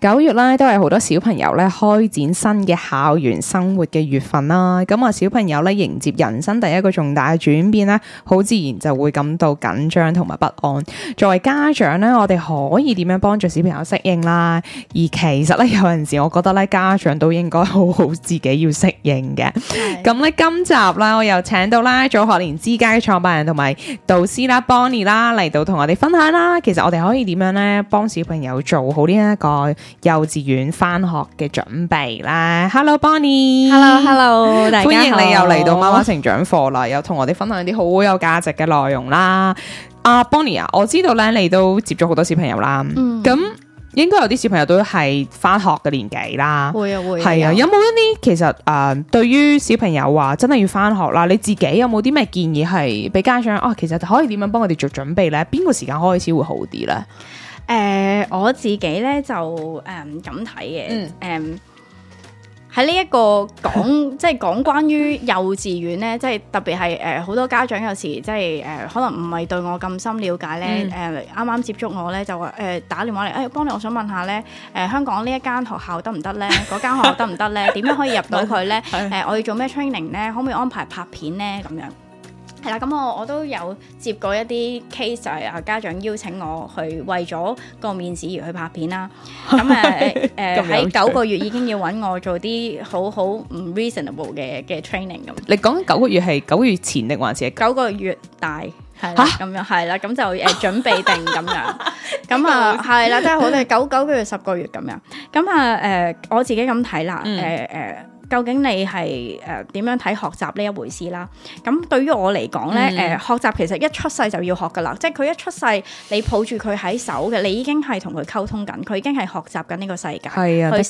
九月啦，都係好多小朋友咧開展新嘅校園生活嘅月份啦。咁、嗯、啊，小朋友咧迎接人生第一個重大嘅轉變咧，好自然就會感到緊張同埋不安。作為家長咧，我哋可以點樣幫助小朋友適應啦？而其實咧，有陣時我覺得咧，家長都應該好好自己要適應嘅。咁咧對、嗯，今集啦，我又請到啦早學年之家嘅創辦人同埋導師啦 Bonny 啦嚟到同我哋分享啦。其實我哋可以點樣咧幫小朋友做好呢、這、一個？幼稚園翻學嘅準備啦，Hello Bonny，Hello Hello，, hello 歡迎你又嚟到媽媽成長課啦，又同 我哋分享啲好有價值嘅內容啦。阿、uh, Bonny 啊，我知道咧你都接咗好多小朋友啦，咁、嗯、應該有啲小朋友都係翻學嘅年紀啦會、啊，會啊會，係啊，有冇一啲其實誒、呃，對於小朋友話、啊、真係要翻學啦，你自己有冇啲咩建議係俾家長啊？其實可以點樣幫我哋做準備咧？邊個時間開始會好啲咧？誒、呃，我自己咧就誒咁睇嘅，誒喺呢一個講即係講關於幼稚園咧，即係特別係誒好多家長有時即係誒、呃、可能唔係對我咁深了解咧，誒啱啱接觸我咧就話誒、呃、打電話嚟，誒、欸、幫你我想問下咧，誒、呃、香港呢一間學校得唔得咧？嗰間 學校得唔得咧？點樣可以入到去咧？誒我要做咩 training 咧？可唔可以安排拍片咧？咁樣。係啦，咁我我都有接過一啲 case 就係啊，家長邀請我去為咗個面試而去拍片啦。咁誒誒，喺、呃呃、九個月已經要揾我做啲好好唔 reasonable 嘅嘅 training 咁。Tra ining, 你講緊九個月係九個月前定還是九個月,九個月大？係啦，咁蛤樣係啦，咁就誒準備定咁樣。咁啊，係啦，真係、就是、好嘅。九九個月、十個月咁樣。咁啊誒，我自己咁睇啦。誒、呃、誒。呃呃嗯究竟你係誒點樣睇學習呢一回事啦？咁對於我嚟講咧，誒、嗯呃、學習其實一出世就要學噶啦，即係佢一出世你抱住佢喺手嘅，你已經係同佢溝通緊，佢已經係學習緊呢個世界，去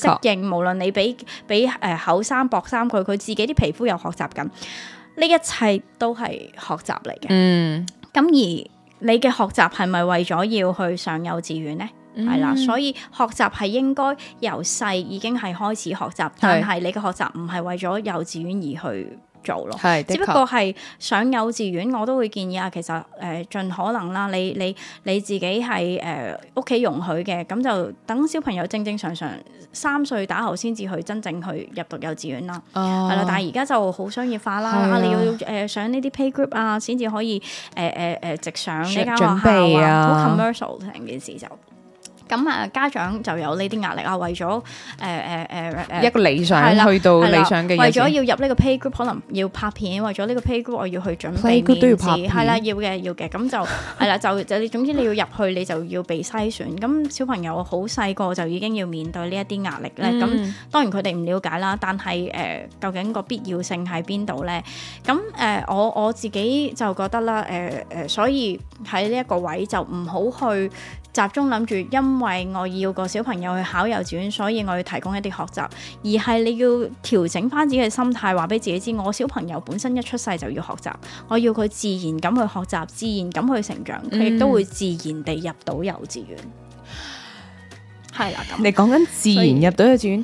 適、啊、應。嗯、無論你俾俾誒厚衫薄衫佢，佢自己啲皮膚又學習緊。呢一切都係學習嚟嘅。嗯。咁而你嘅學習係咪為咗要去上幼稚園咧？係啦，mm. 所以學習係應該由細已經係開始學習。是但係你嘅學習唔係為咗幼稚園而去做咯，係，只不過係上幼稚園，我都會建議啊，其實誒盡、呃、可能啦，你你你自己係誒屋企容許嘅，咁就等小朋友正正常常三歲打後先至去真正去入讀幼稚園啦，係啦、哦，但係而家就好商業化啦，的啊你要誒、呃、上呢啲 pay group 啊，先至可以誒誒誒直上社交學校啊，好 commercial 成件事就。咁啊，家長就有呢啲壓力啊，為咗誒誒誒誒一個理想了去到理想嘅，為咗要入呢個 play group，可能要拍片，為咗呢個 play group，我要去準備都要拍片，係啦，要嘅要嘅，咁就係啦， 就就總之你要入去，你就要被篩選。咁小朋友好細個就已經要面對呢一啲壓力咧。咁、嗯、當然佢哋唔了解啦，但係誒、呃、究竟個必要性喺邊度咧？咁誒、呃、我我自己就覺得啦，誒、呃、誒，所以喺呢一個位就唔好去。集中諗住，因為我要個小朋友去考幼稚園，所以我要提供一啲學習。而係你要調整翻自己嘅心態，話俾自己知，我小朋友本身一出世就要學習，我要佢自然咁去學習，自然咁去成長，佢亦都會自然地入到幼稚園。係啦、嗯，咁你講緊自然入到幼稚園。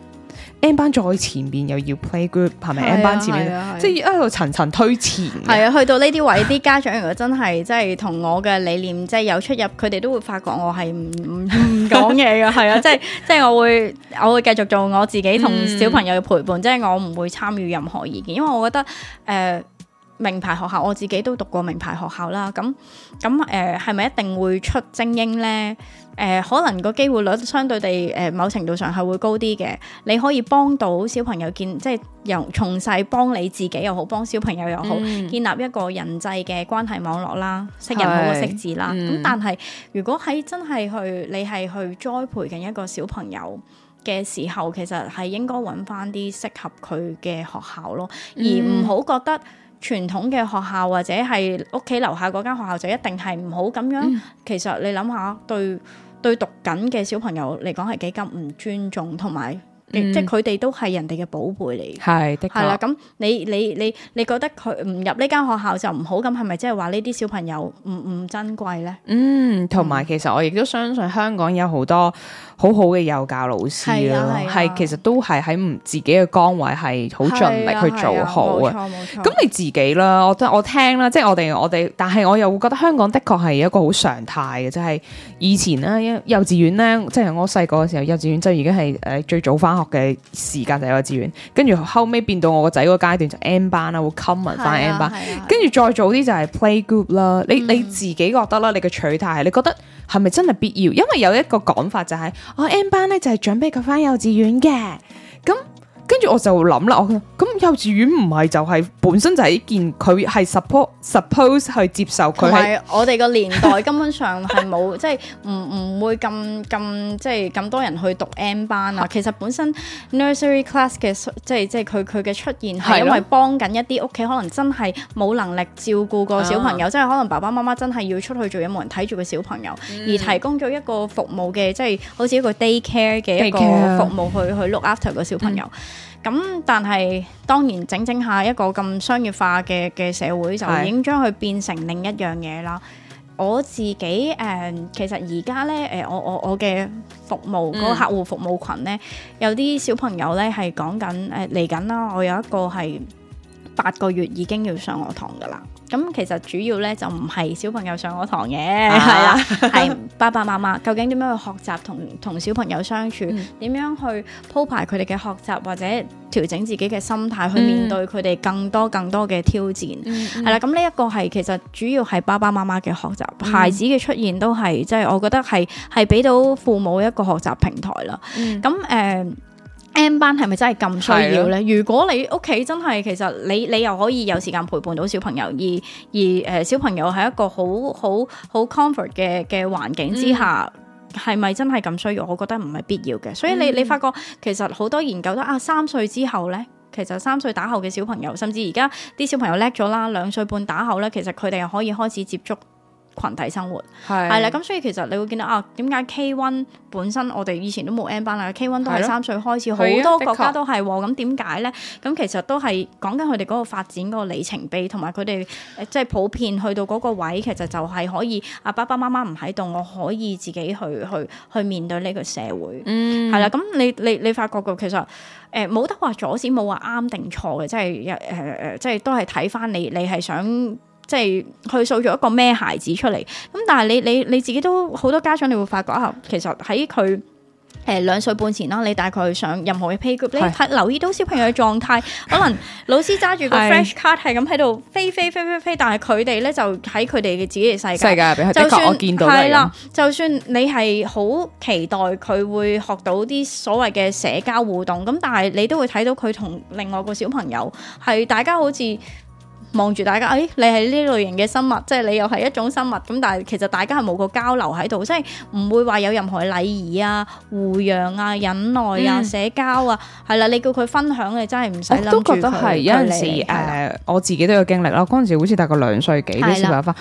N 班再前面又要 play group 係咪 N 班前面，啊、即係一路層層推前嘅。係啊，去到呢啲位，啲家長如果真係即係同我嘅理念即係有出入，佢哋都會發覺我係唔唔講嘢嘅。係 啊，即係即係我會我會繼續做我自己，同小朋友嘅陪伴。嗯、即係我唔會參與任何意見，因為我覺得誒。呃名牌學校，我自己都讀過名牌學校啦。咁咁誒，係咪、呃、一定會出精英呢？誒、呃，可能個機會率相對地誒、呃，某程度上係會高啲嘅。你可以幫到小朋友建，即係由從細幫你自己又好，幫小朋友又好，嗯、建立一個人際嘅關係網絡啦，嗯、識人好，識字啦。咁、嗯、但係，如果喺真係去，你係去栽培緊一個小朋友嘅時候，其實係應該揾翻啲適合佢嘅學校咯，嗯、而唔好覺得。傳統嘅學校或者係屋企樓下嗰間學校就一定係唔好咁樣，嗯、其實你諗下，對對讀緊嘅小朋友嚟講係幾咁唔尊重同埋。即係佢哋都係人哋嘅寶貝嚟，嘅，係的確係啦，咁你你你你覺得佢唔入呢間學校就唔好，咁係咪即係話呢啲小朋友唔唔珍貴咧？嗯，同埋、嗯、其實我亦都相信香港有好多好好嘅幼教老師咯，係、啊啊、其實都係喺唔自己嘅崗位係好盡力去做好嘅。咁、啊啊、你自己啦，我我聽啦，即係我哋我哋，但係我又會覺得香港的確係一個好常態嘅，就係、是、以前咧，幼稚園咧，即係我細個嘅時候幼稚園即係已經係誒最早翻，嘅時間就係幼稚園。跟住，後尾變到我個仔個階段就 M 班啦，會 come 翻 M 班，跟住、啊啊啊、再早啲就係 playgroup 啦。你、嗯、你自己覺得啦，你嘅取態，你覺得係咪真係必要？因為有一個講法就係、是，我 M 班咧，就係準備佢翻幼稚園嘅，咁。跟住我就諗啦，我咁幼稚園唔係就係本身就係呢件佢係 support suppose 去接受佢係我哋個年代根本上係冇即係唔唔會咁咁即係咁多人去讀 N 班啊。其實本身 nursery class 嘅即係即係佢佢嘅出現係因為幫緊一啲屋企可能真係冇能力照顧個小朋友，嗯、即係可能爸爸媽媽真係要出去做嘢，冇人睇住個小朋友，而提供咗一個服務嘅，即係好似一個 day care 嘅一個服務去去 look after 個小朋友。嗯咁但係當然整整下一個咁商業化嘅嘅社會是的 就已經將佢變成另一樣嘢啦。我自己誒、呃，其實而家咧誒，我我我嘅服務嗰個、嗯、客戶服務群咧，有啲小朋友咧係講緊誒嚟緊啦。呃、我有一個係八個月已經要上我堂噶啦。咁其實主要咧就唔係小朋友上我堂嘅，係啦，係爸爸媽媽究竟點樣去學習同同小朋友相處，點樣去鋪排佢哋嘅學習或者調整自己嘅心態去面對佢哋更多更多嘅挑戰，係啦、嗯。咁呢一個係其實主要係爸爸媽媽嘅學習，嗯、孩子嘅出現都係即係我覺得係係俾到父母一個學習平台啦。咁誒、嗯。N 班係咪真係咁需要呢？的如果你屋企真係，其實你你又可以有時間陪伴到小朋友，而而誒小朋友喺一個好好好 comfort 嘅嘅環境之下，係咪、嗯、真係咁需要？我覺得唔係必要嘅。所以你、嗯、你發覺其實好多研究都啊，三歲之後呢，其實三歲打後嘅小朋友，甚至而家啲小朋友叻咗啦，兩歲半打後呢，其實佢哋又可以開始接觸。群體生活係係啦，咁的所以其實你會見到啊，點解 K1 本身我哋以前都冇 N 班啦，K1 都係三歲開始，好的多國家都係喎。咁點解咧？咁、哦、其實都係講緊佢哋嗰個發展嗰個里程碑，同埋佢哋誒，即係普遍去到嗰個位，其實就係可以啊，爸爸媽媽唔喺度，我可以自己去去去面對呢個社會。嗯，係啦，咁你你你發覺嘅其實誒，冇、呃、得話阻止，冇話啱定錯嘅，即係誒誒，即係都係睇翻你你係想。即係佢塑造一個咩孩子出嚟？咁但係你你你自己都好多家長你會發覺啊，其實喺佢誒兩歲半前啦，你大概去上任何嘅 play group 是你留意到小朋友嘅狀態， 可能老師揸住個 flash card 係咁喺度飛飛飛飛飛，但係佢哋咧就喺佢哋嘅自己嘅世界。世界就算的確我見到係啦，就算你係好期待佢會學到啲所謂嘅社交互動，咁但係你都會睇到佢同另外個小朋友係大家好似。望住大家，哎，你係呢類型嘅生物，即係你又係一種生物，咁但係其實大家係冇個交流喺度，即係唔會話有任何禮儀啊、互讓啊、忍耐啊、社交啊，係啦，你叫佢分享你真係唔使諗。我都覺得係有陣時，誒，我自己都有經歷啦。嗰陣時好似大概兩歲幾啲小朋友返，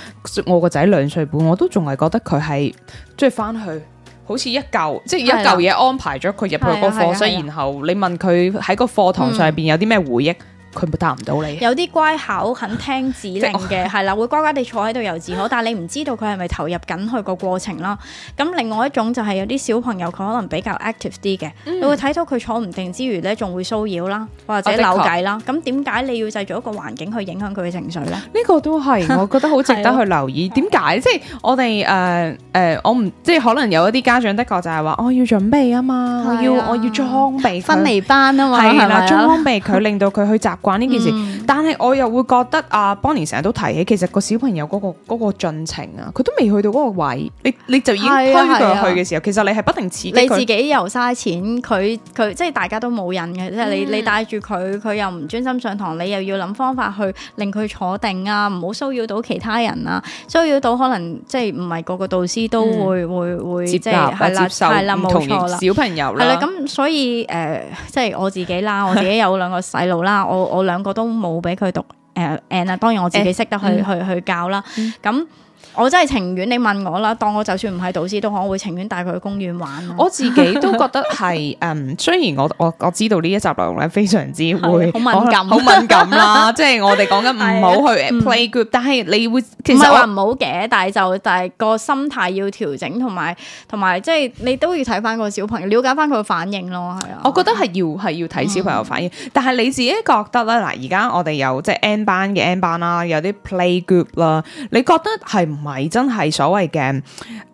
我個仔兩歲半，我都仲係覺得佢係即係返去，好似一嚿，即係一嚿嘢安排咗佢入去個課室，然後你問佢喺個課堂上邊有啲咩回憶。佢冇答唔到你，有啲乖巧肯聽指令嘅係啦，會乖乖哋坐喺度又自考，但係你唔知道佢係咪投入緊佢個過程啦。咁另外一種就係有啲小朋友佢可能比較 active 啲嘅，你會睇到佢坐唔定之餘咧，仲會騷擾啦，或者扭計啦。咁點解你要製造一個環境去影響佢嘅情緒咧？呢個都係，我覺得好值得去留意。點解？即係我哋誒誒，我唔即係可能有一啲家長的確就係話，我要準備啊嘛，我要我要裝備分離班啊嘛，係啦，裝備佢，令到佢去集。關呢件事，但係我又會覺得阿 Bonny 成日都提起，其實個小朋友嗰個嗰個進程啊，佢都未去到嗰個位，你你就已經推佢去嘅時候，其實你係不停刺激。你自己又嘥錢，佢佢即係大家都冇癮嘅，即係你你帶住佢，佢又唔專心上堂，你又要諗方法去令佢坐定啊，唔好騷擾到其他人啊，騷擾到可能即係唔係個個導師都會會會即係係啦，係啦，冇錯啦，小朋友係啦，咁所以誒，即係我自己啦，我自己有兩個細路啦，我。我兩個都冇俾佢讀誒 N 啊，呃嗯、當然我自己識得去、嗯、去去教啦，咁、嗯。我真係情願你問我啦，當我就算唔係導師都，我會情願帶佢去公園玩。我自己都覺得係，嗯， 雖然我我我知道呢一集內容咧，非常之會好敏感我，好 敏感啦， 即係我哋講緊唔好去 play group，、嗯、但係你會其實唔係話唔好嘅，但係就但係個心態要調整，同埋同埋即係你都要睇翻個小朋友，了解翻佢嘅反應咯，係啊。我覺得係要係要睇小朋友反應，嗯、但係你自己覺得啦。嗱，而家我哋有即係 N 班嘅 N 班啦，有啲 play group 啦，你覺得係？唔係真係所謂嘅，誒、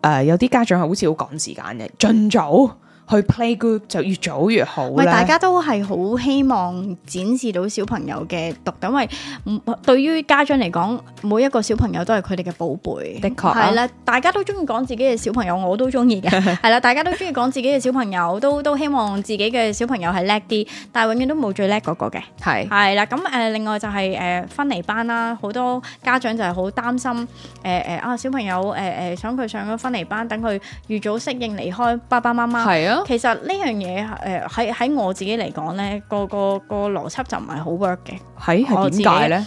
呃，有啲家長係好似好趕時間嘅，盡早。去 playgroup 就越早越好。大家都係好希望展示到小朋友嘅獨特，因為對於家長嚟講，每一個小朋友都係佢哋嘅寶貝。的確係啦，的哦、大家都中意講自己嘅小朋友，我都中意嘅。係啦， 大家都中意講自己嘅小朋友，都都希望自己嘅小朋友係叻啲，但係永遠都冇最叻嗰個嘅。係係啦，咁、呃、誒，另外就係、是、誒、呃、分離班啦，好多家長就係好擔心，誒、呃、誒、呃、啊，小朋友誒誒、呃呃、想佢上咗分離班，等佢預早適應離開爸爸媽媽。的 其實呢樣嘢，誒喺喺我自己嚟講咧，個個個邏輯就唔係好 work 嘅，係點解咧？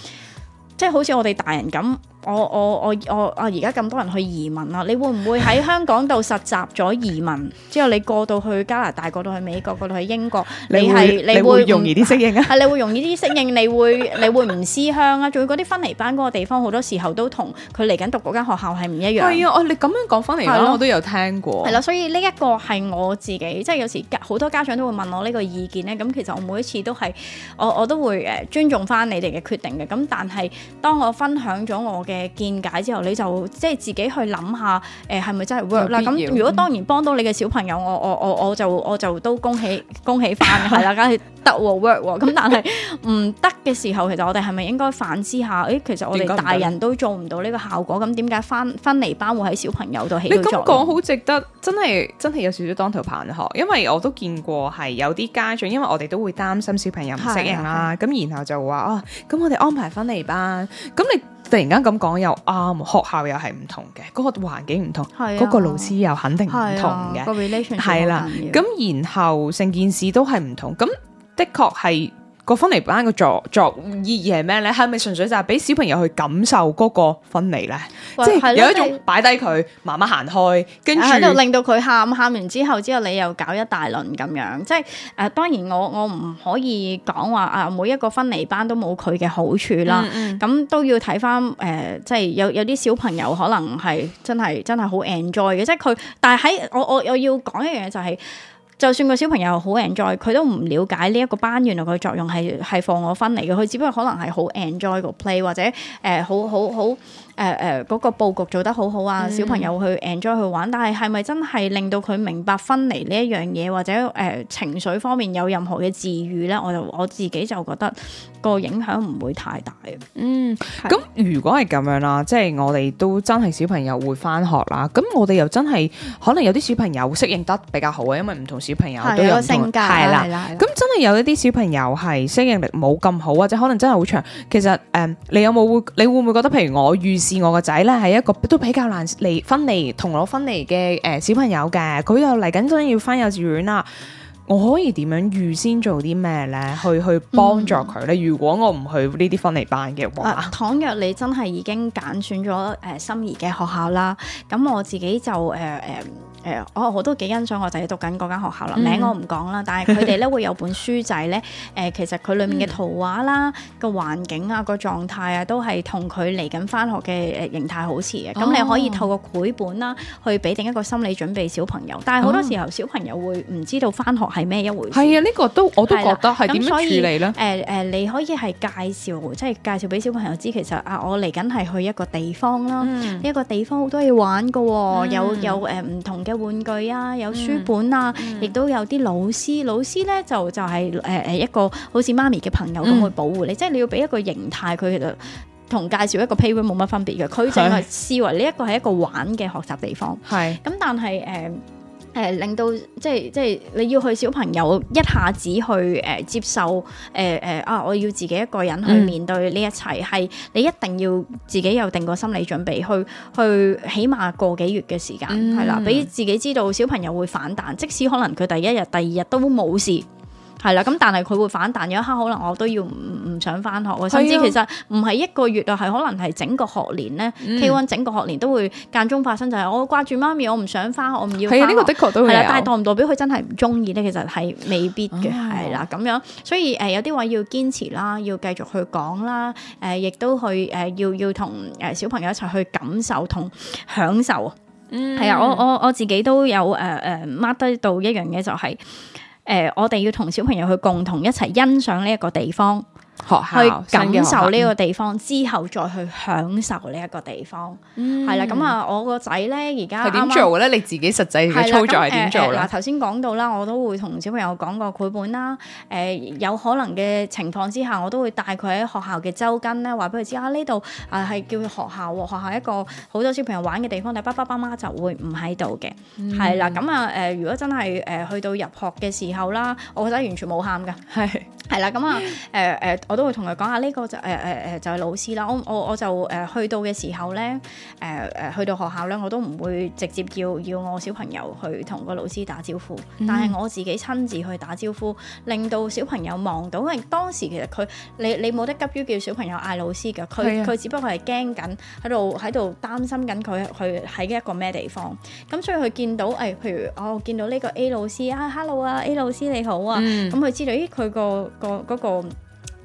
即係好似我哋大人咁。我我我我啊！而家咁多人去移民啦，你會唔會喺香港度實習咗移民之後， 你過到去加拿大，過到去美國，過到去英國，你係會你，你，你會容易啲適應啊？係你會容易啲適應，你會 你會唔思鄉啊？仲要嗰啲分離班嗰個地方，好多時候都同佢嚟緊讀嗰間學校係唔一樣。係啊，你咁樣講翻嚟啦，我都有聽過。係啦、啊，所以呢一個係我自己，即係有時好多家長都會問我呢個意見咧。咁其實我每一次都係我我都會誒尊重翻你哋嘅決定嘅。咁但係當我分享咗我嘅，誒，見解之後你就即係自己去諗下，誒係咪真係 work 啦？咁如果當然幫到你嘅小朋友，嗯、我我我我就我就都恭喜 恭喜翻係啦，梗係得 work 咁。 但係唔得嘅時候，其實我哋係咪應該反思下？誒、哎，其實我哋大人都做唔到呢個效果，咁點解翻翻 N 班會喺小朋友度起？你咁講好值得，真係真係有少少當頭棒喝，因為我都見過係有啲家長，因為我哋都會擔心小朋友唔適應啦，咁然後就話哦，咁、啊、我哋安排翻 N 班，咁你。突然間咁講又啱，學校又係唔同嘅，嗰個環境唔同，嗰、啊、個老師又肯定唔同嘅，啊、個係啦，咁、啊、然後成件事都係唔同，咁的確係。個分離班個作作意義係咩咧？係咪純粹就係俾小朋友去感受嗰個分離咧？即係有一種擺低佢，慢慢行開，跟住令到佢喊，喊完之後，之後你又搞一大輪咁樣。即係誒、呃，當然我我唔可以講話啊，每一個分離班都冇佢嘅好處啦。咁、嗯嗯、都要睇翻，誒，即係有有啲小朋友可能係真係真係好 enjoy 嘅，即係佢。但係喺我我我要講一樣嘢就係、是。就算個小朋友好 enjoy，佢都唔了解呢一個班原來佢作用係係放我分離嘅。佢只不過可能係好 enjoy 個 play 或者誒、呃、好好好誒誒、呃呃那個布局做得好好啊！小朋友去 enjoy 去玩，但係係咪真係令到佢明白分離呢一樣嘢，或者誒、呃、情緒方面有任何嘅治癒咧？我就我自己就覺得個影響唔會太大。嗯，咁如果係咁樣啦，即係我哋都真係小朋友會翻學啦。咁我哋又真係可能有啲小朋友適應得比較好啊，因為唔同。小朋友都有性格，係啦，咁真係有一啲小朋友係適應力冇咁好，或者可能真係好長。其實，誒、呃，你有冇會，你會唔會覺得？譬如我預示我個仔咧，係一個都比較難離分離同我分離嘅誒小朋友嘅，佢又嚟緊真要返幼稚園啦。我可以點樣預先做啲咩咧，去去幫助佢咧？嗯、如果我唔去呢啲分離班嘅話，倘、嗯啊、若你真係已經揀選咗誒、呃、心儀嘅學校啦，咁我自己就誒誒。呃呃呃呃誒、呃，我我都幾欣賞，我仔係讀緊嗰間學校啦。嗯、名我唔講啦，但係佢哋咧會有本書仔咧。誒、 呃，其實佢裡面嘅圖畫啦、個、嗯、環境啊、個狀態啊，都係同佢嚟緊翻學嘅形態好似嘅。咁、哦、你可以透過繪本啦，去俾定一個心理準備小朋友。但係好多時候小朋友會唔知道翻學係咩一回事。係、哦、啊，呢、這個都我都覺得係點樣處理咧？誒誒、呃呃呃，你可以係介紹，即係介紹俾小朋友知，其實啊，我嚟緊係去一個地方啦。一、嗯、個地方好多嘢玩噶，有有誒唔、呃、同。有玩具啊，有書本啊，亦都、嗯嗯、有啲老師，老師呢，就就係誒一個好似媽咪嘅朋友咁去保護你，嗯、即係你要俾一個形態，佢其實同介紹一個 play room 冇乜分別嘅，佢淨係視為呢一個係一個玩嘅學習地方。係咁的，但係誒。呃誒、呃、令到即係即係你要去小朋友一下子去誒接受誒誒啊！我要自己一個人去面對呢一切。係、嗯、你一定要自己有定個心理準備去去起碼個幾月嘅時間係、嗯、啦，俾自己知道小朋友會反彈，即使可能佢第一日、第二日都冇事。係啦，咁但係佢會反彈，有一刻可能我都要唔唔想翻學，甚至其實唔係一個月啊，係可能係整個學年咧，K1，嗯、整個學年都會間中發生，就係、是、我掛住媽咪，我唔想翻學，我唔要。係啊，呢、這個的確都會。但係代唔代表佢真係唔中意咧？其實係未必嘅，係啦、嗯，咁樣，所以誒、呃，有啲位要堅持啦，要繼續去講啦，誒、呃，亦都去誒、呃，要要同誒小朋友一齊去感受同享受。嗯，係啊，我我我自己都有誒誒 mark 得到一樣嘢就係、是。誒、呃，我哋要同小朋友去共同一齊欣賞呢一個地方。學校去感受呢個地方之後，再去享受呢一個地方，係啦。咁啊，我個仔咧而家係點做嘅咧？你自己實際操作係點做咧？嗱，頭先講到啦，我都會同小朋友講個繪本啦。誒，有可能嘅情況之下，我都會帶佢喺學校嘅周跟咧，話俾佢知啊，呢度啊係叫學校，學校一個好多小朋友玩嘅地方。但係爸爸、媽媽就會唔喺度嘅，係啦。咁啊，誒，如果真係誒去到入學嘅時候啦，我個仔完全冇喊噶，係係啦。咁啊，誒誒。我都會同佢講下，呢個就誒誒誒就係老師啦。我我我就誒、呃、去到嘅時候咧，誒、呃、誒去到學校咧，我都唔會直接要要我小朋友去同個老師打招呼，的但係我自己親自去打招呼，令到小朋友望到。因為當時其實佢你你冇得急於叫小朋友嗌老師嘅，佢佢是的 只不過係驚緊喺度喺度擔心緊佢佢喺一個咩地方。咁所以佢見到誒、哎，譬如我、哦、見到呢個 A 老師啊，Hello 啊，A 老師你好啊，咁佢的、嗯嗯、知道咦佢個個嗰個，那個那個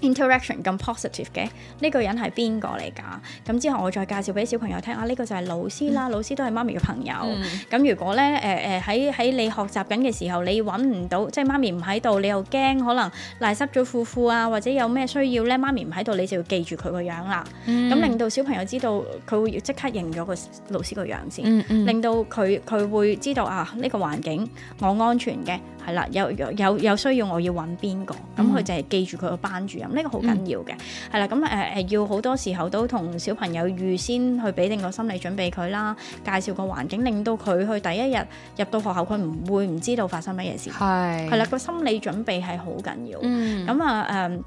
interaction 咁 positive 嘅呢個人係邊個嚟㗎？咁之後我再介紹俾小朋友聽啊，呢個就係老師啦，嗯、老師都係媽咪嘅朋友。咁、嗯、如果咧誒誒喺喺你學習緊嘅時候，你揾唔到，即係媽咪唔喺度，你又驚可能賴濕咗褲褲啊，或者有咩需要咧，媽咪唔喺度，你就要記住佢個樣啦。咁、嗯、令到小朋友知道佢會即刻認咗個老師個樣先，嗯嗯、令到佢佢會知道啊呢個環境我安全嘅。係啦，有有有需要，我要揾邊個？咁佢就係記住佢個班主任，呢個好緊要嘅。係啦，嗯，咁誒誒，要好多時候都同小朋友預先去俾定個心理準備佢啦，介紹個環境，令到佢去第一日入到學校，佢唔會唔知道發生乜嘢事。係，係啦，個心理準備係好緊要。嗯，咁啊誒，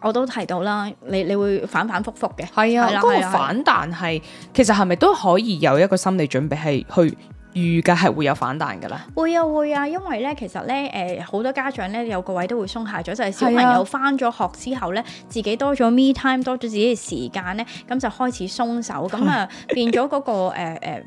我都提到啦，你你會反反覆覆嘅。係啊，嗰個反彈係，其實係咪都可以有一個心理準備係去？預計係會有反彈㗎啦，會啊會啊，因為咧其實咧誒好多家長咧有個位都會鬆懈咗，就係、是、小朋友返咗學之後咧，是啊、自己多咗 me time，多咗自己嘅時間咧，咁就開始鬆手，咁啊變咗嗰、那個誒、 呃呃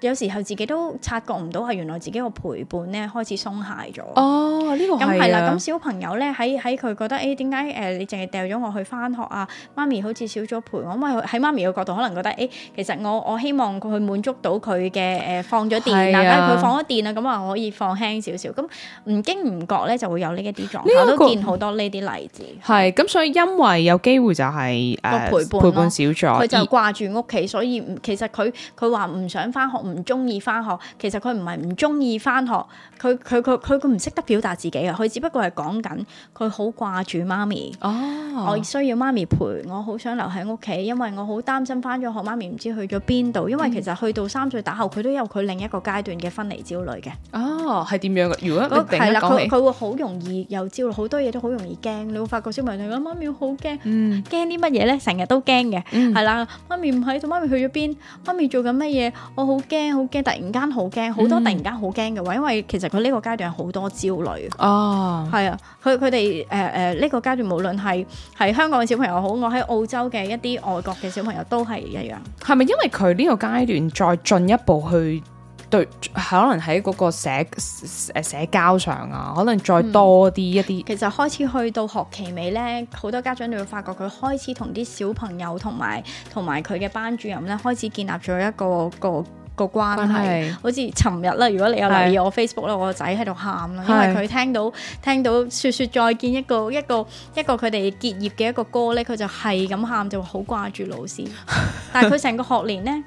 有時候自己都察覺唔到，係原來自己個陪伴咧開始鬆懈咗。哦，呢、呢個咁係啦，咁、嗯、小朋友咧喺喺佢覺得，誒點解誒你淨係掉咗我去返學啊？媽咪好似少咗陪我，因為喺媽咪嘅角度，可能覺得誒、欸，其實我我希望佢去滿足到佢嘅誒放咗電但係佢放咗電啊，咁啊可以放輕少少。咁、嗯、唔經唔覺咧就會有呢一啲狀態，個個我都見好多呢啲例子。係咁，所以因為有機會就係、是、誒、uh, 陪，陪伴少咗，佢就掛住屋企，所以其實佢佢話唔想。翻學唔中意翻學，其實佢唔係唔中意翻學，佢佢佢佢佢唔識得表達自己啊！佢只不過係講緊佢好掛住媽咪哦，我需要媽咪陪，我好想留喺屋企，因為我好擔心翻咗學媽咪唔知去咗邊度。因為其實去到三歲打後，佢都有佢另一個階段嘅分離焦慮嘅。哦，係點樣噶？如果係啦，佢佢會好容易又焦慮，好多嘢都好容易驚。你會發覺小朋友講媽咪好驚，驚啲乜嘢咧？成日、嗯、都驚嘅，係啦、嗯，媽咪唔喺度，媽咪去咗邊？媽咪做緊乜嘢？我好驚，好驚！突然間好驚，嗯，好多突然間好驚嘅話，因為其實佢呢個階段有好多焦慮。哦，係啊，佢佢哋誒誒呢個階段，無論係係香港嘅小朋友好，我喺澳洲嘅一啲外國嘅小朋友都係一樣。係咪因為佢呢個階段再進一步去？對，可能喺嗰個社誒社交上啊，可能再多啲一啲、嗯。其實開始去到學期尾呢，好多家長都會發覺佢開始同啲小朋友同埋同埋佢嘅班主任呢，開始建立咗一個個個關係。關係，好似尋日啦，如果你有留意我 Facebook 啦是，我個仔喺度喊啦，是因為佢聽到聽到說說再見一個一個一個佢哋結業嘅一個歌呢，佢就係咁喊，就話好掛住老師。 但係佢成個學年呢。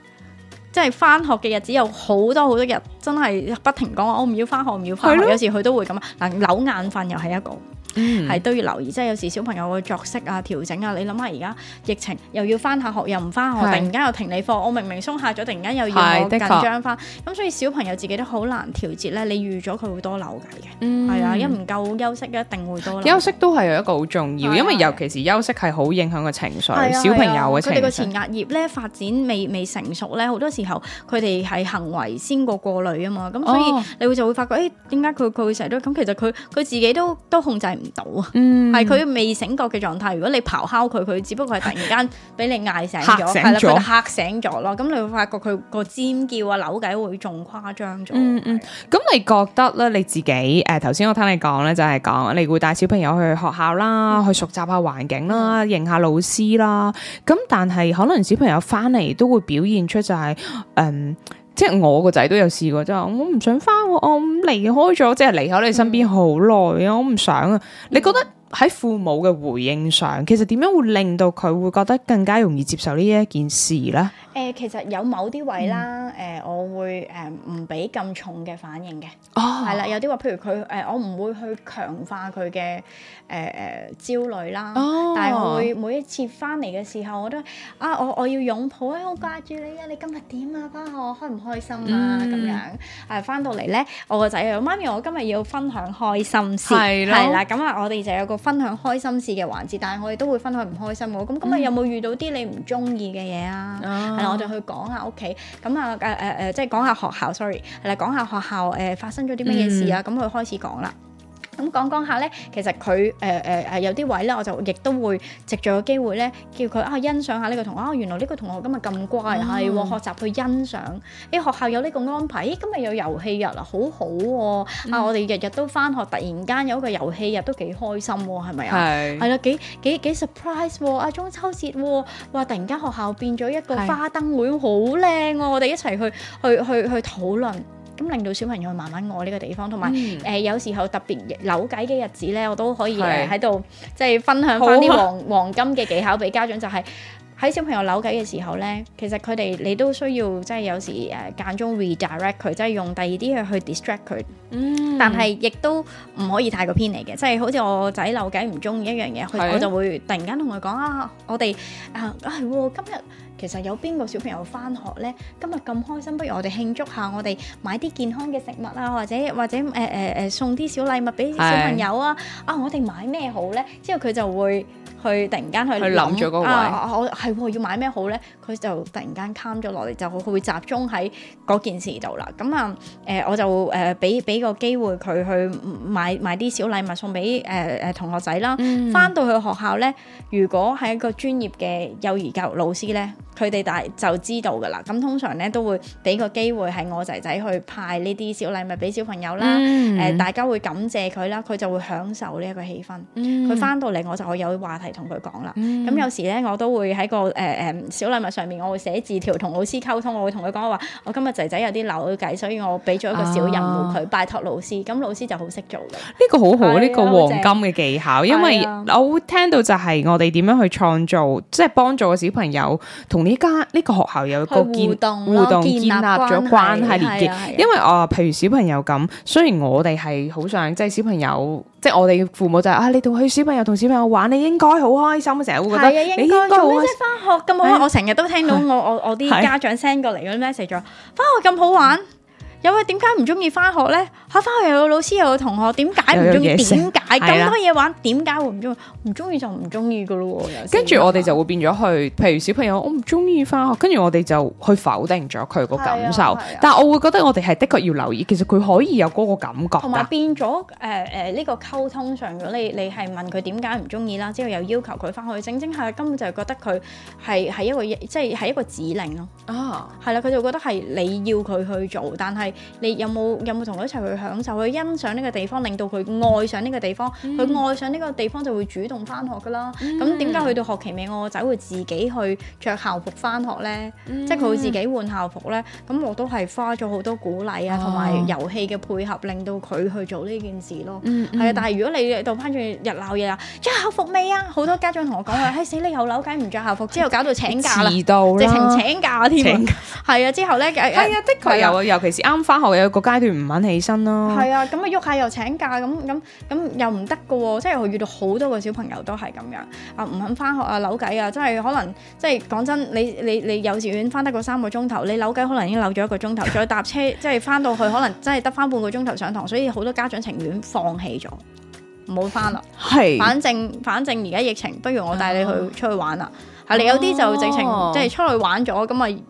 即係翻學嘅日子有好多好多日，真係不停講話，我唔要翻學，唔要翻學。的有時佢都會咁啊，嗱，扭眼瞓又係一個。係、嗯、都要留意，即係有時小朋友嘅作息啊、調整啊，你諗下而家疫情又要翻下學，又唔翻學，的突然間又停你課，我明明鬆下咗，突然間又要緊張翻，咁所以小朋友自己都好難調節咧。你預咗佢會多扭計嘅，係啊、嗯，一唔夠休息一定會多扭計。休息都係有一個好重要，的因為尤其是休息係好影響個情緒，的小朋友嘅情緒。佢哋個前額葉咧發展未未成熟咧，好多時候佢哋係行為先過過濾啊嘛，咁所以你會就會發覺，誒點解佢佢會成日都咁？其實佢佢自己都都控制唔到啊，係佢、嗯、未醒覺嘅狀態。如果你咆哮佢，佢只不過係突然間俾你嗌醒咗，係啦 了，佢就吓醒咗咯。咁 你會發覺佢個尖叫啊、扭計會仲誇張咗。嗯嗯，咁是你覺得咧？你自己誒、頭、呃、先我聽你講咧，就係、是、講你會帶小朋友去學校啦，嗯、去熟習下環境啦，認、嗯、下老師啦。咁但係可能小朋友翻嚟都會表現出就係、是、誒。呃即係我個仔都有試過，即係我唔想返我，我離開咗，即係離開你身邊好耐啊，嗯、我唔想啊。你覺得喺父母嘅回應上，其實點樣會令到佢會覺得更加容易接受呢一件事咧？誒、呃、其實有某啲位啦，誒、嗯呃、我會誒唔俾咁重嘅反應嘅，係、哦、啦，有啲話譬如佢誒、呃，我唔會去強化佢嘅誒誒焦慮啦。哦，但係每每一次翻嚟嘅時候，我都啊，我我要擁抱啊，我掛住你啊，你今日點啊，翻學，我開唔開心啊？咁、嗯、樣係翻、啊、到嚟咧，我個仔啊，媽咪，我今日要分享開心事。咯」係啦，咁啊，我哋就有個分享開心事嘅環節，但係我哋都會分享唔開心喎。咁、啊、今日有冇遇到啲你唔中意嘅嘢啊？我就去講下屋企，咁啊誒誒誒，即係、嗯嗯、講下學校。Sorry，係啦，講下學校誒，發生咗啲乜嘢事啊？咁佢開始講啦。咁講講下咧，其實佢誒誒誒有啲位咧，我就亦都會藉住個機會咧，叫佢啊欣賞下呢個同學。啊，原來呢個同學今日咁乖，係、嗯哎、學習去欣賞。咦、欸，學校有呢個安排？咦，今日有遊戲日啊，好好喎、啊！啊，我哋日日都返學，突然間有個遊戲日都幾開心喎，係咪啊？係。係啦是、哎，幾幾幾 surprise 喎、啊！啊，中秋節喎、啊，哇！突然間學校變咗一個花燈會，好靚喎，我哋一齊去去去去，去，去，去，去討論。咁令到小朋友慢慢愛呢個地方，同埋誒有時候特別扭計嘅日子咧，我都可以喺度即係分享返啲黃黃金嘅技巧俾家長， 就係喺小朋友扭計嘅時候咧，其實佢哋你都需要即係有時誒、呃、間中 redirect 佢，即係用第二啲嘢去 distract 佢。嗯。但係亦都唔可以太過偏離嘅，即係好似我仔扭計唔中意一樣嘢，佢是我就會突然間同佢講啊，我哋啊係、哎、今日。其實有邊個小朋友翻學咧？今日咁開心，不如我哋慶祝下，我哋買啲健康嘅食物啊，或者或者誒誒誒送啲小禮物俾小朋友啊！的啊，我哋買咩好咧？之後佢就會去突然間去去諗咗嗰個位、啊啊，我係要買咩好咧？佢就突然間 calm 咗落嚟，就佢會集中喺嗰件事度啦。咁啊誒，我就誒俾俾個機會佢去買買啲小禮物送俾誒誒同學仔啦。翻、嗯、到去學校咧，如果係一個專業嘅幼兒教育老師咧。嗯嗯嗯佢哋大就知道噶啦，咁通常咧都會俾個機會，係我仔仔去派呢啲小禮物俾小朋友啦，誒、嗯呃，大家會感謝佢啦，佢就會享受呢一個氣氛。佢翻、嗯、到嚟我就會有話題同佢講啦。咁、嗯、有時咧我都會喺個誒誒、呃、小禮物上面，我會寫字條同老師溝通，我會同佢講話，我今日仔仔有啲扭計，所以我俾咗一個小任務，佢、啊，拜託老師，咁老師就好識做㗎。呢個好好，呢、哎、呀個黃金嘅技巧，哎哎、因為我會聽到就係我哋點樣去創造，即係幫助個小朋友同。呢家呢、這個學校有個互動互動建立咗關係連結，啊啊啊、因為我、呃，譬如小朋友咁，雖然我哋係好想即係、就是、小朋友，即、就、係、是、我哋父母就係、是、啊，你同佢小朋友同小朋友玩，你應該好開心，成日會覺得、啊、應該你應該好即係翻學咁好，我成日都聽到我我我啲家長 send 過嚟嗰啲 message 翻學咁好玩。嗯嗯有啊？點解唔中意返學咧？嚇，返學又有老師又有同學，點解唔中意？點解咁多嘢玩？點解會唔中意？唔中意就唔中意噶咯。跟住我哋就會變咗去，譬如小朋友我唔中意返學，跟住我哋就去否定咗佢個感受。啊啊、但係我會覺得我哋係的確要留意，其實佢可以有嗰個感覺。同埋變咗誒誒呢個溝通上，如果你你係問佢點解唔中意啦，之後又要求佢返去整整下，根本就覺得佢係係一個即係係一個指令咯。啊，係啦、啊，佢就覺得係你要佢去做，但係。你有冇有冇同佢一齊去享受，去欣賞呢個地方，令到佢愛上呢個地方？佢愛上呢個地方就會主動翻學噶啦。咁點解去到學期尾我個仔會自己去着校服翻學咧？即係佢會自己換校服咧。咁我都係花咗好多鼓勵啊，同埋遊戲嘅配合，令到佢去做呢件事咯。係啊，但係如果你到翻轉日鬧夜鬧，着校服未啊？好多家長同我講話，唉，死你又扭計唔着校服，之後搞到請假遲到啦，直情請假添。係啊，之後咧，係啊，的確有啊，尤其是啱翻學有個階段唔肯起身咯，係啊，咁啊喐下又請假，咁咁咁又唔得噶喎，即係我遇到好多個小朋友都係咁樣啊，唔肯翻學啊，扭計啊，即係可能即係講真，你你你幼稚園翻得個三個鐘頭，你扭計可能已經扭咗一個鐘頭，再搭車 即係翻到去可能真係得翻半個鐘頭上堂，所以好多家長情願放棄咗，唔好翻啦。係是，反正反正而家疫情，不如我帶你去出去玩啦。係、啊啊，有啲就直情即係出去玩咗，咁啊。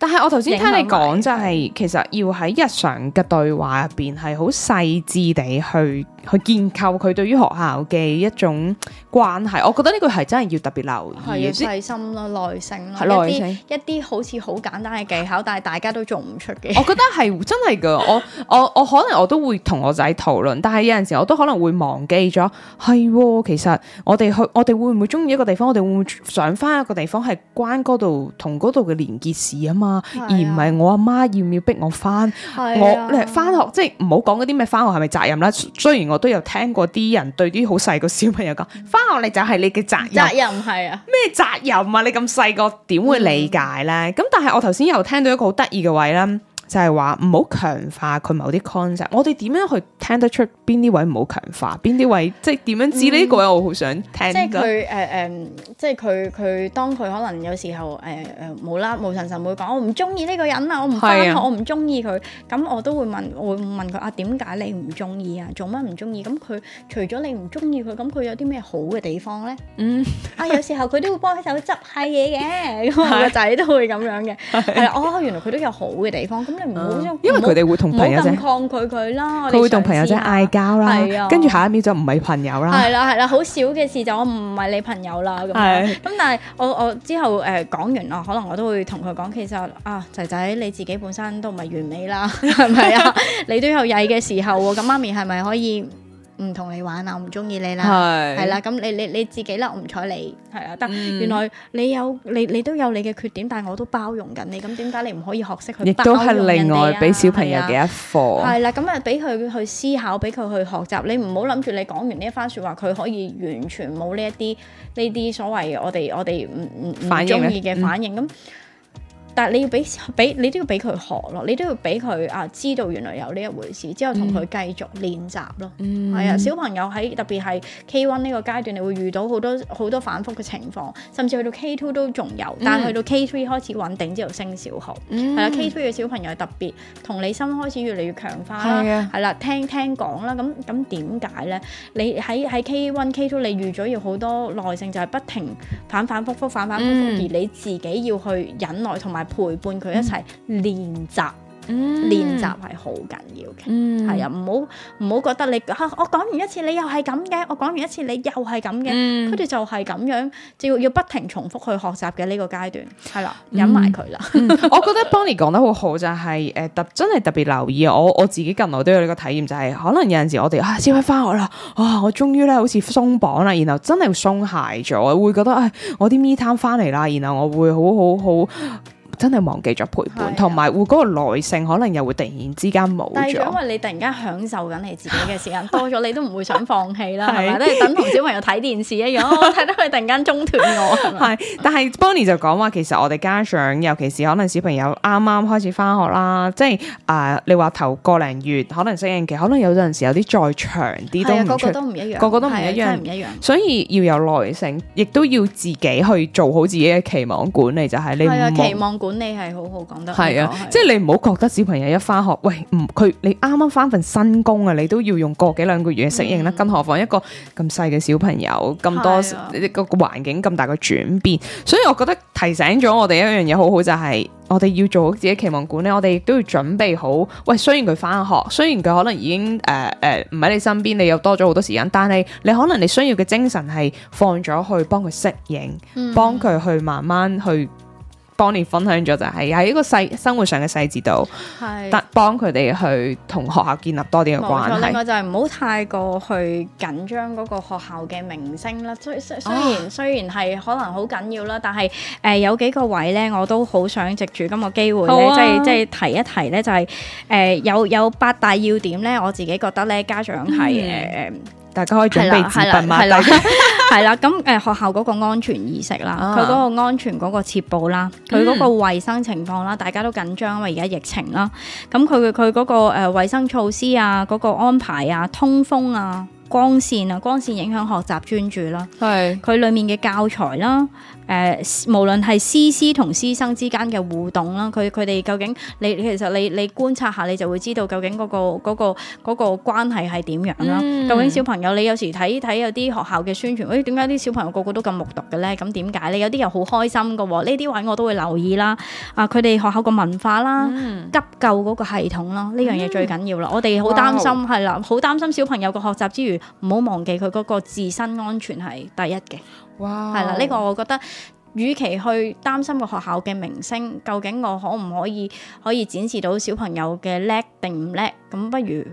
但係我頭先聽你講，就係其實要喺日常嘅對話入邊，係好細緻地去去建構佢對於學校嘅一種關係。我覺得呢個係真係要特別留意，細心咯，耐性咯，一啲一啲好似好簡單嘅技巧，但係大家都做唔出嘅。 我覺得係真係噶，我我我可能我都會同我仔討論，但係有陣時我都可能會忘記咗。係，其實我哋去我哋會唔會中意一個地方？我哋會唔會上翻一個地方係關嗰度同嗰度嘅連結事啊嘛？而唔係我阿媽要唔要逼我返？是啊、我咧返學，即係唔好講嗰啲咩返學係咪責任啦？雖然我都有聽過啲人對啲好細個小朋友講，返學就你就係你嘅責任，責任係啊？咩責任啊？你咁細個點會理解咧？咁、嗯、但係我頭先又聽到一個好得意嘅位啦。就係話唔好強化佢某啲 concept，我哋點樣去聽得出邊啲位唔好強化，邊啲位即係點樣知呢個咧？我好想聽。即係佢誒誒，即係佢佢當佢可能有時候誒誒冇啦，無神神會講我唔中意呢個人啊，我唔返學，我唔中意佢。咁我都會問，會問佢啊點解你唔中意啊？做乜唔中意？咁佢除咗你唔中意佢，咁佢有啲咩好嘅地方咧？嗯，啊有時候佢都會幫手執下嘢嘅，咁我個仔都會咁樣嘅，哦，原來佢都有好嘅地方咁。嗯、因為佢哋會同朋友啫，唔好咁抗拒佢啦。佢會同朋友仔嗌交啦，跟住、啊是啊、下一秒就唔係朋友啦、啊。係啦係啦，好少嘅事就我唔係你朋友啦。係咁是、啊，但係我我之後誒講完啊，可能我都會同佢講，其實啊仔仔你自己本身都唔係完美啦，係咪 啊？你都有曳嘅時候，咁媽咪係咪可以？唔同你玩啦，我唔中意你啦，係啦的，咁你你你自己啦，我唔睬你，係啊，得。原來你有你你都有你嘅缺點，但係我都包容緊你，咁點解你唔可以學識佢？亦都係另外俾、啊、小朋友嘅一課，係啦的，咁啊，俾佢去思考，俾佢去學習，你唔好諗住你講完呢一番說話，佢可以完全冇呢一啲呢啲所謂我哋我哋唔唔唔中意嘅反應咁。但係你要俾俾你都要俾佢學咯，你都要俾佢啊知道原來有呢一回事，之後同佢繼續練習咯。係啊、嗯，小朋友喺特別係 K one 呢個階段，你會遇到好多好多反覆嘅情況，甚至去到 K two 都仲有，但係去到 K three 開始穩定之後升小學，係啦、嗯。K two 嘅小朋友特別同理心開始越嚟越強化啦，係啦的，聽聽講啦。咁咁點解咧？你喺喺 K one、K two 你預咗要好多耐性，就係、是、不停反反覆覆、反反覆覆，嗯、而你自己要去忍耐同埋。陪伴佢一齊練習，練習係好緊要嘅，係啊、嗯，唔好唔好覺得你吓我講完一次你又係咁嘅，我講完一次你又係咁嘅，佢哋、嗯、就係咁樣，就要不停重複去學習嘅呢個階段，係啦，忍埋佢啦。嗯嗯、 我覺得 Bonny 講得好好，就係、是、誒、呃、特真係特別留意我我自己近來都有呢個體驗，就係、是、可能有陣時我哋啊，小朋友翻學啦，哇、啊，我終於咧好似鬆綁啦，然後真係會鬆懈咗，會覺得誒、哎，我啲 me time 翻嚟啦，然後我會好好好。 真係忘記咗陪伴，同埋會嗰個耐性可能又會突然之間冇咗。係因為你突然間享受緊你自己嘅時間 多咗，你都唔會想放棄啦，係嘛？即係等同小朋友睇電視一樣，睇 到佢突然間中斷我。係、啊，但係 Bonny 就講話，其實我哋家長，尤其是可能小朋友啱啱開始返學啦，即係啊、呃，你話頭個零月，可能適應期，可能有陣時有啲再長啲都唔出，啊，個個都唔一樣，個個都唔一樣唔一樣。啊、一樣所以要有耐性，亦都要自己去做好自己嘅期望管理，就係、是、你、啊、期望管理係好好講，得係啊，即係你唔好覺得小朋友一翻學，喂，唔佢你啱啱翻份新工啊，你都要用個幾兩個月適應啦，嗯、更何況一個咁細嘅小朋友，咁、嗯、多、啊、個個環境咁大嘅轉變，所以我覺得提醒咗我哋一樣嘢，好好就係、是、我哋要做好自己期望管理，我哋都要準備好。喂，雖然佢翻學，雖然佢可能已經誒誒唔喺你身邊，你又多咗好多時間，但係你可能你需要嘅精神係放咗去幫佢適應，幫佢去慢慢去。嗯幫你分享咗就係喺一個細生活上嘅細節度，是但幫佢哋去同學校建立多啲嘅關係。另外就係唔好太過去緊張嗰個學校嘅名聲啦。雖然、哦、雖然雖然係可能好緊要啦，但係誒、呃、有幾個位咧，我都好想藉住今個機會咧，即係即係提一提咧，就係、是、誒、呃、有有八大要點咧，我自己覺得咧家長係誒、嗯耶 呃大家可以準備準備埋底，係啦。咁誒學校嗰個安全意識啦，佢嗰個安全嗰個設佈啦，佢嗰個衞生情況啦，大家都緊張啊嘛，而家疫情啦，咁佢佢佢嗰個誒衞生措施啊，嗰個安排啊，通風啊，光線啊，光線影響學習專注啦，係佢的裡面嘅教材啦。誒、呃，無論係師師同師生之間嘅互動啦，佢佢哋究竟，你其實你你觀察下，你就會知道究竟嗰、那個嗰、那個嗰、那個關係係點樣啦。嗯、究竟小朋友，你有時睇睇有啲學校嘅宣傳，喂、哎，點解啲小朋友個個都咁木獨嘅咧？咁點解咧？有啲又好開心嘅喎，呢啲位我都會留意啦。啊，佢哋學校個文化啦，嗯、急救嗰個系統啦，呢樣嘢最緊要啦。嗯、我哋好擔心係啦，好哇擔心小朋友個學習之餘，唔好忘記佢嗰個自身安全係第一嘅。哇，係啦，呢個我覺得，與其去擔心個學校嘅名聲，究竟我可唔可以可以展示到小朋友嘅叻定唔叻，咁不如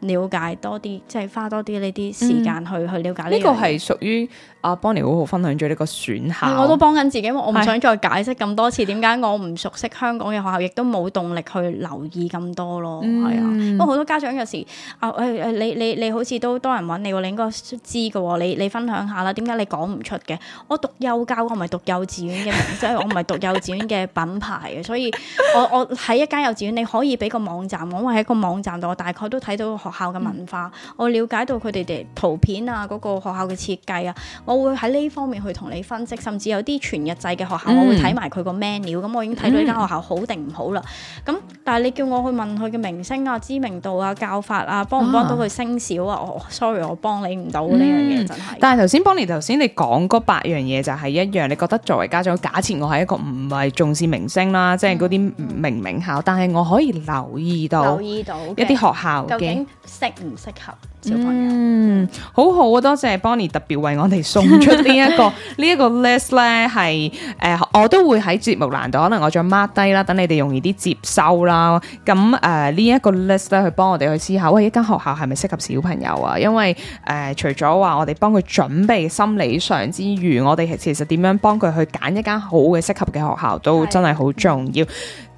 了解多啲，即係花多啲呢啲時間去去了解呢個係屬於。嗯阿 Bonny 好好分享咗呢個選校、嗯，我都幫緊自己，我唔想再解釋咁多次點解我唔熟悉香港嘅學校，亦都冇動力去留意咁多咯。係啊、嗯，不過好多家長有時啊，誒、呃、誒、呃，你你你好似都多人揾你喎，你應該知㗎喎，你你分享下啦。點解你講唔出嘅？我讀幼教，我唔係讀幼稚園嘅名，即係 我唔係讀幼稚園嘅品牌嘅，所以我我喺一間幼稚園，你可以俾個網站，我因為喺個網站度，我大概都睇到學校嘅文化，我了解到佢哋哋圖片啊，嗰、那個學校嘅設計啊。我會喺呢方面去同你分析，甚至有啲全日制嘅學校，我會睇埋佢個 menu。咁我已經睇到呢間學校好定唔好啦。咁但係你叫我去問佢嘅名聲啊、知名度啊、教法啊，幫唔幫到佢升小啊？我 sorry，我幫你唔到呢樣嘢真係。但係頭先 Bonny 頭先你講嗰八樣嘢就係一樣。你覺得作為家長，假設我係一個唔係重視名聲啦，即係嗰啲名名校，但係我可以留意到留意到一啲學校究竟適唔適合小朋友？嗯，好好啊，多謝 Bonny 特別為我哋出呢 一個呢一個 list 咧係誒，我都會喺節目欄度，可能我再 mark 低啦，等你哋容易啲接收啦。咁、啊、誒、呃這個、呢一個 list 咧，去幫我哋去思考，喂，一間學校係咪適合小朋友啊？因為誒、呃，除咗話我哋幫佢準備心理上之馀，我哋其實點樣幫佢去揀一間好嘅適合嘅學校，都真係好重要。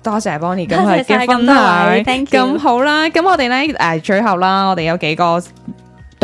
多是謝 Bonny 咁多位 thank you 咁好啦。咁我哋咧誒，最後啦，我哋有幾個。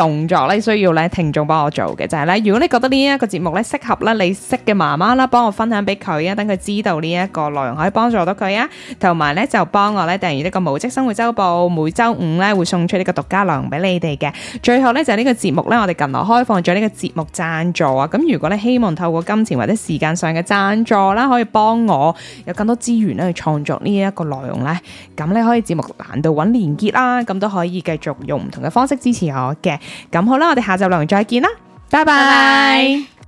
動作咧需要咧聽眾幫我做嘅就係咧，如果你覺得呢一個節目咧適合咧你識嘅媽媽啦，幫我分享俾佢啊，等佢知道呢一個內容可以幫助到佢啊。同埋咧就幫我咧訂閱呢個母職生活周報，每周五咧會送出呢個獨家內容俾你哋嘅。最後咧就係呢個節目咧，我哋近來開放咗呢個節目讚助啊。咁如果你希望透過金錢或者時間上嘅讚助啦，可以幫我有更多資源咧去創作呢一個內容咧，咁你可以節目欄度揾連結啦，咁都可以繼續用唔同嘅方式支持我嘅。咁好啦，我哋下集內容再見啦，拜拜 bye。Bye bye